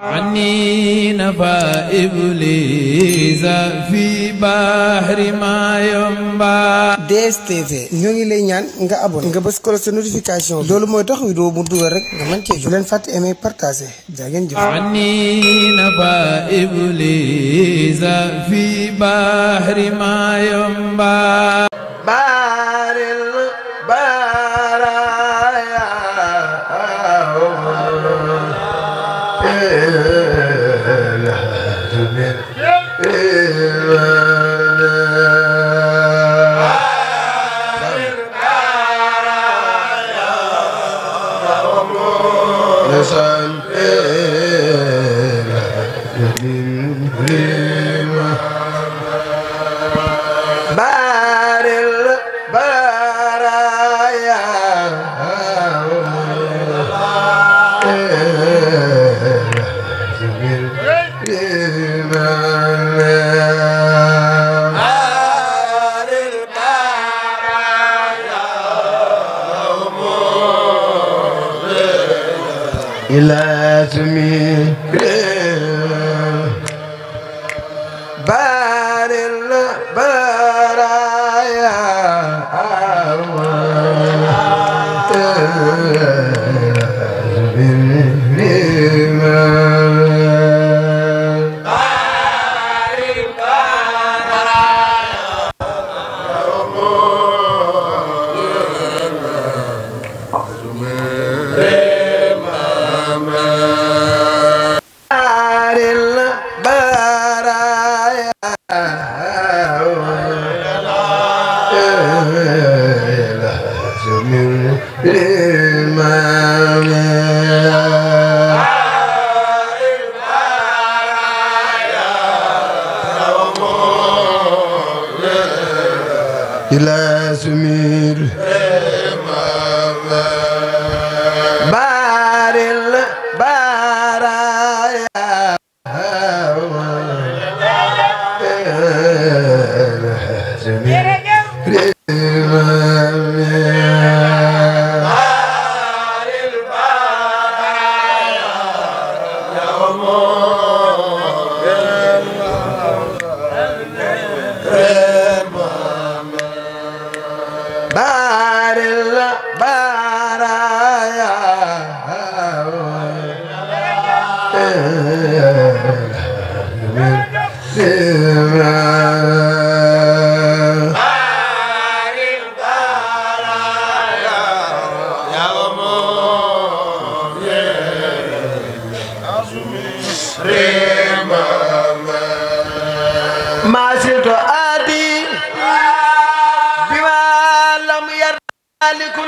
عني نفى إبليس في بحر ما ينبع DSTV ñoo ngi lay ñaan nga abonné nga bës ko sa notification loolu mooy tax vidéo mu dugal rek nga mën cee jox leen fàtte aimer partager jaa ngeen jëf عني نفى إبليس في بحر ما ينبع Hema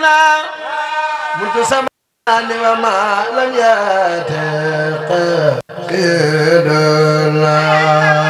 لنا منذ زمان وما لم يتقدنا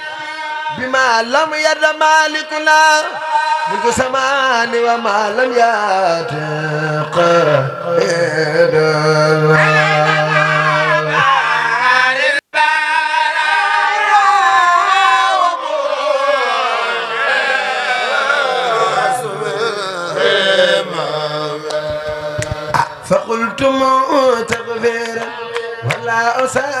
بما لم يد مالكنا ملك سمان وما لم يتق فقلتم تغفيرا ولا أسأل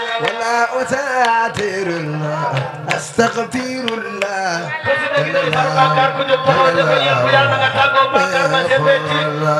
أساتر الله أستغفر الله الله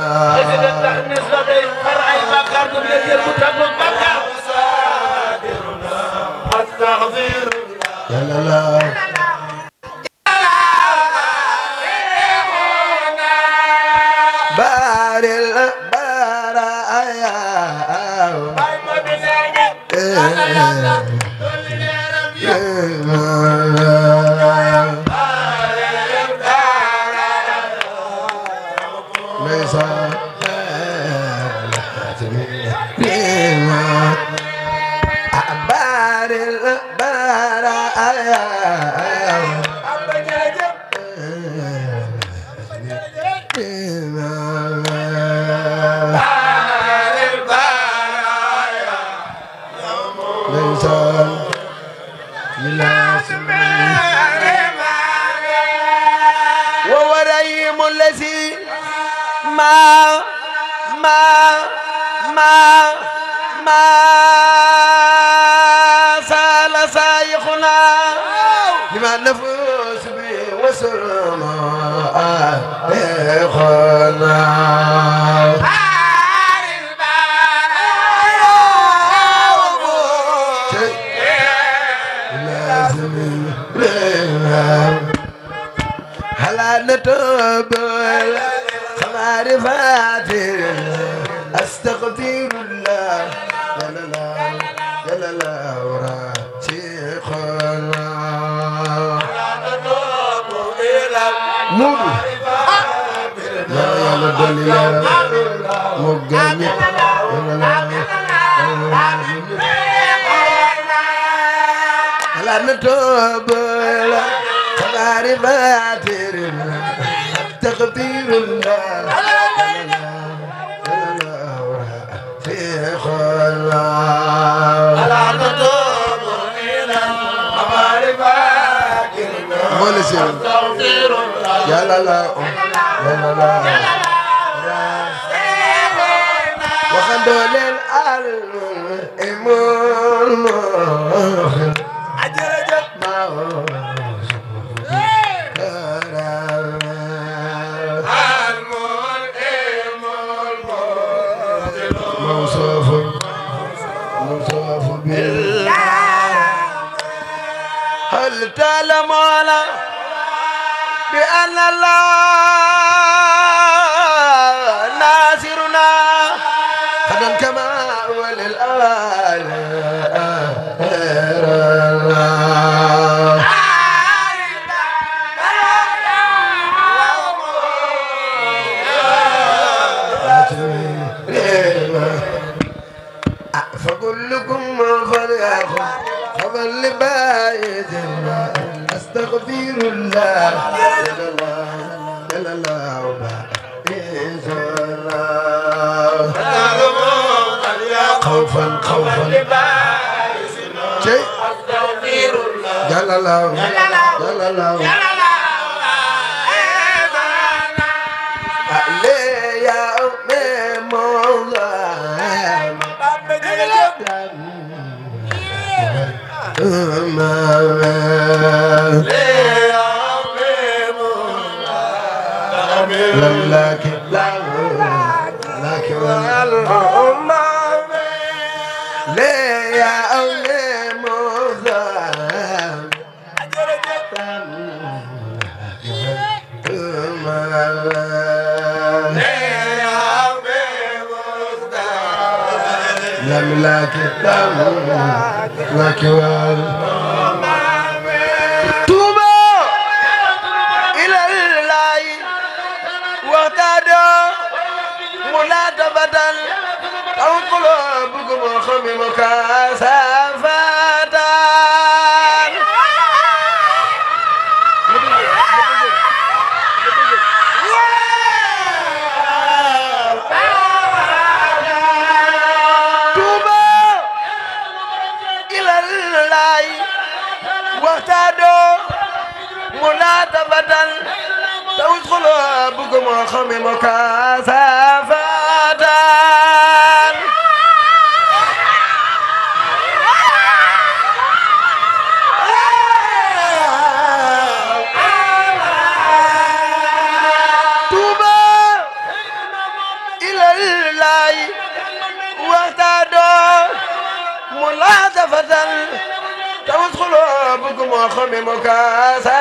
not ila samani muudu yàlla yàlla dolli leeral moo gën ñëpp ala na toobala xabaari baatere takbirul Olha, Senhor. يا لا لا يا لا لا وخدوا للعلم إمام أجل أجل ما هو تعلم La la la. la la nhớ la la nhớ la la nhớ la lâu Love like لملاك الدم وكوال تخمم كثافة توبى إلى الله واهتدوا ملاطفة توسخ قلوبكم وخمم كثافة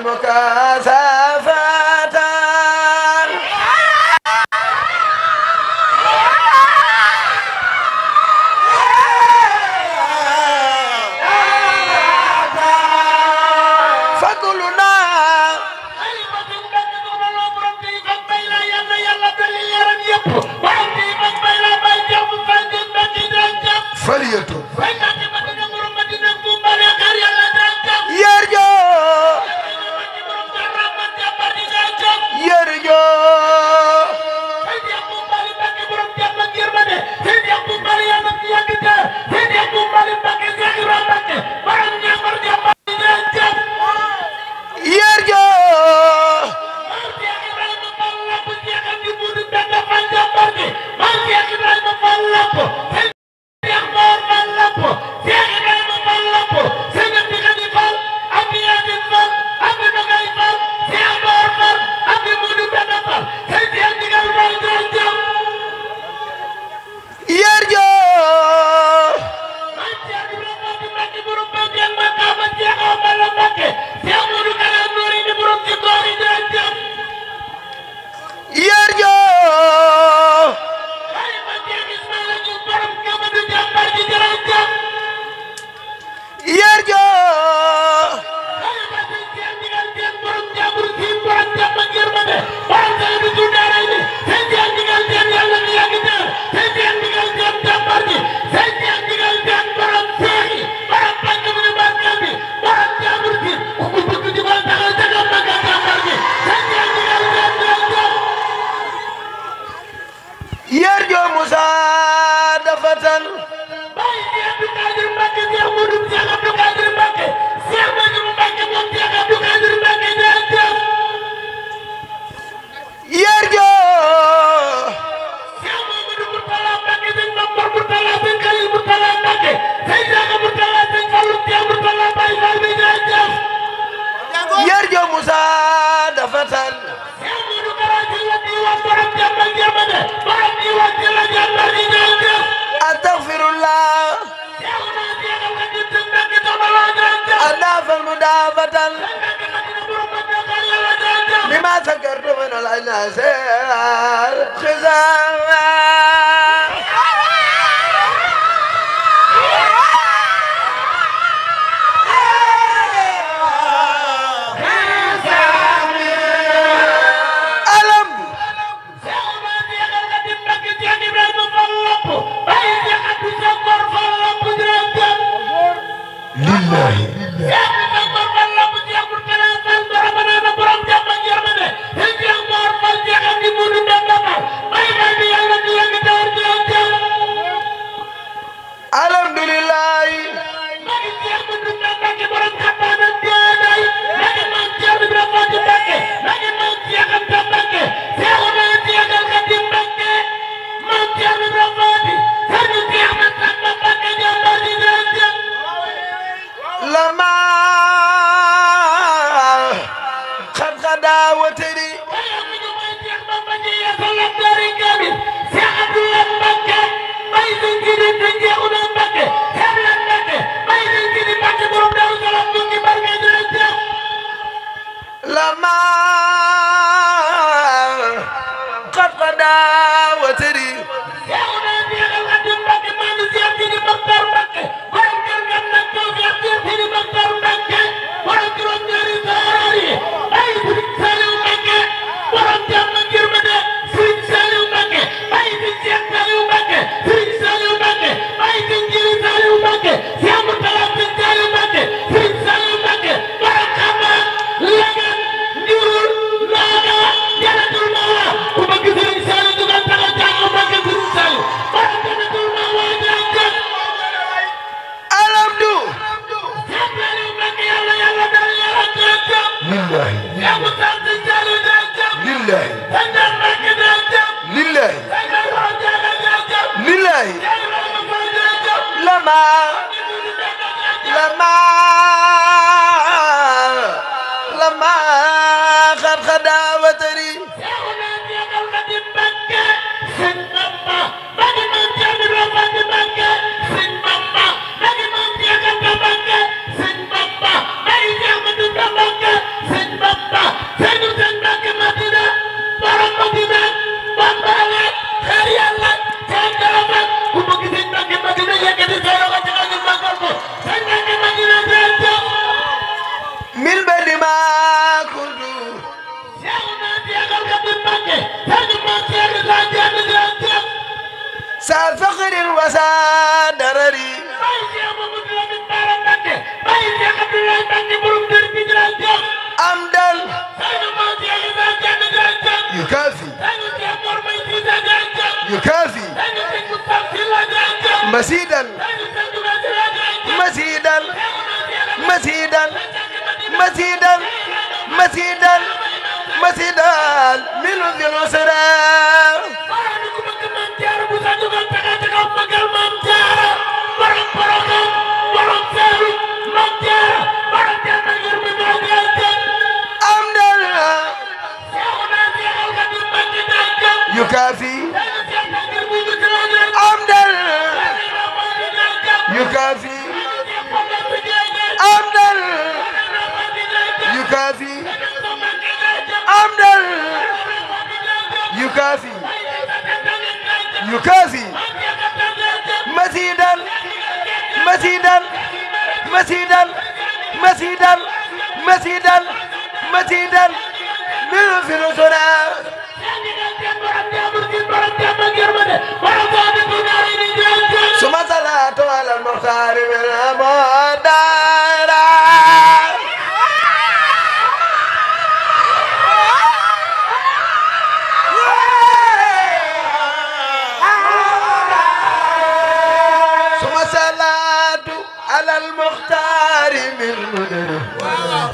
بمكاسب أضاف المضافة لما ذكرت من الأناس خزاما mama. wasadarari am dal yukafi yukafi masidan masidan masidan masidan masidan masidan minhu bil usra يكافي أمدا يكافي يكافي مزيدا مزيدا مزيدا مزيدا مزيدا مزيدا من في رسلنا ثم صلاة على المختار من أبو دارا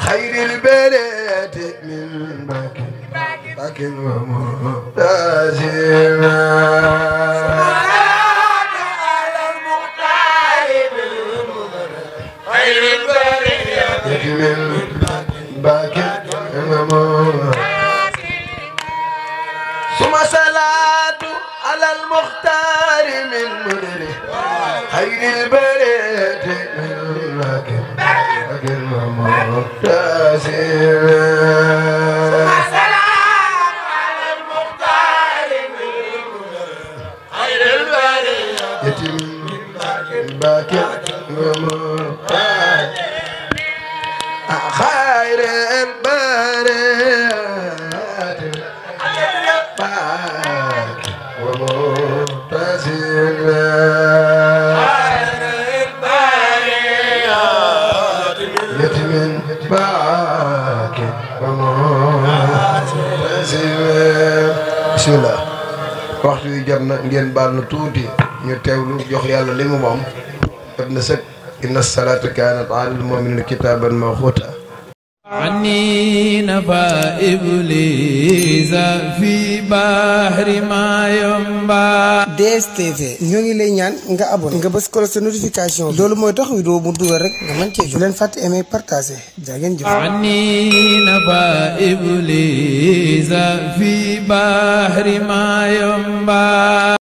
خير البلد من باكر باكر ومرتزما Does it? ngeen baal na tuuti ñu teewlu jox yàlla li mu moom jot na sëkk inna kaanat alal mu'minina kitaaban mawquuta نبأ إبليس في بحر ما ينبع DSTV ñoo ngi lay ñaan nga abonné nga bës ko sa notification loolu mooy tax vidéo mu dugal rek nga mën cee jot leen fàtte aimer partager jaa ngeen jëf عني نبأ إبليس في بحر